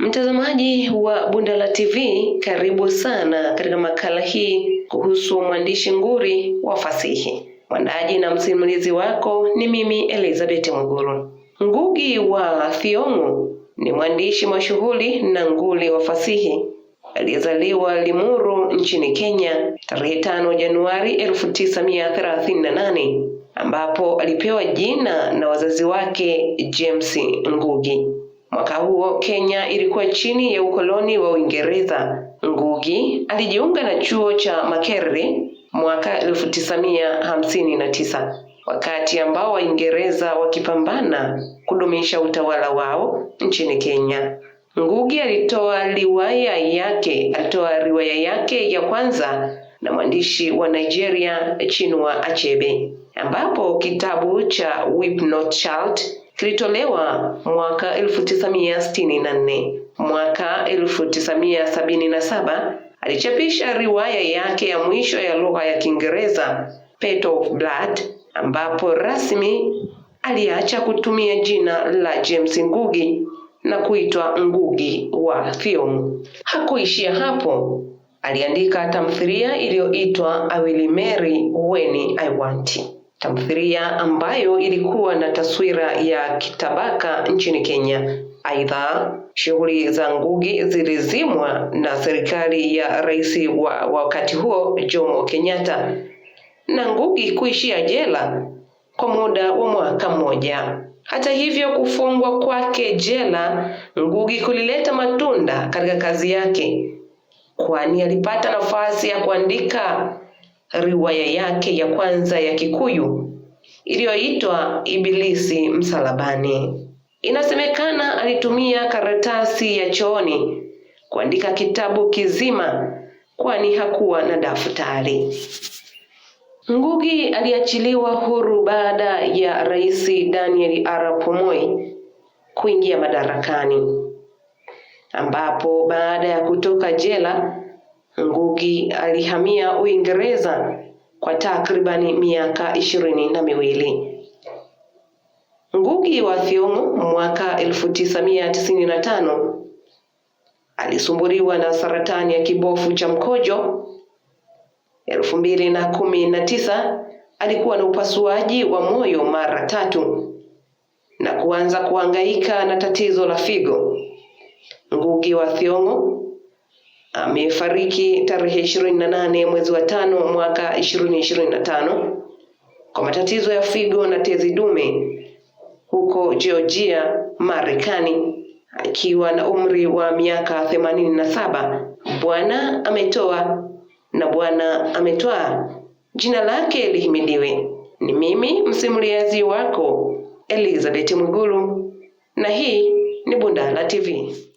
Mtazamaji wa Bundala TV, karibu sana katika makala hii kuhusu mwandishi nguri wa fasihi. Mwandaji na msimulizi wako ni mimi Elizabeth Mguru. Ngugi wa Thiong'o ni mwandishi mashuhuri na nguli wa fasihi aliyezaliwa Limuru nchini Kenya tarehe 5 Januari 1938 ambapo alipewa jina na wazazi wake James Ngugi. Mwaka huo Kenya ilikuwa chini ya ukoloni wa Uingereza. Ngugi alijiunga na chuo cha Makerere mwaka 1959 wakati ambao Waingereza wakipambana kudumisha utawala wao nchini Kenya. Ngugi alitoa riwaya yake alitoa riwaya yake ya kwanza na mwandishi wa Nigeria Chinua Achebe, ambapo kitabu cha Weep Not Child kilitolewa mwaka 1964. Mwaka 1977 alichapisha riwaya yake ya mwisho ya lugha ya Kiingereza Pet of Blood, ambapo rasmi aliacha kutumia jina la James Ngugi na kuitwa Ngugi wa Thiong'o. Hakuishia hapo, aliandika tamthilia iliyoitwa I Will Marry When I Want tamthilia ambayo ilikuwa na taswira ya kitabaka nchini Kenya. Aidha, shughuli za Ngugi zilizimwa na serikali ya rais wa wakati huo Jomo Kenyatta na Ngugi kuishia jela kwa muda wa mwaka mmoja. Hata hivyo, kufungwa kwake jela Ngugi kulileta matunda katika kazi yake, kwani alipata nafasi ya kuandika riwaya yake ya kwanza ya Kikuyu iliyoitwa Ibilisi Msalabani. Inasemekana alitumia karatasi ya chooni kuandika kitabu kizima kwani hakuwa na daftari. Ngugi aliachiliwa huru baada ya Rais Daniel Arap Moi kuingia madarakani, ambapo baada ya kutoka jela Ngugi alihamia Uingereza kwa takribani miaka ishirini na miwili. Ngugi wa Thiong'o mwaka 1995 alisumbuliwa na saratani ya kibofu cha mkojo. 2019 alikuwa na upasuaji wa moyo mara tatu na kuanza kuhangaika na tatizo la figo. Ngugi wa Thiong'o amefariki tarehe ishirini na nane mwezi wa tano mwaka ishirini ishirini na tano kwa matatizo ya figo na tezi dume huko Georgia, Marekani akiwa na umri wa miaka themanini na saba. Bwana ametoa na Bwana ametwaa, jina lake lihimidiwe. Ni mimi msimuliazi wako Elizabeth Mwigulu na hii ni bunda la TV.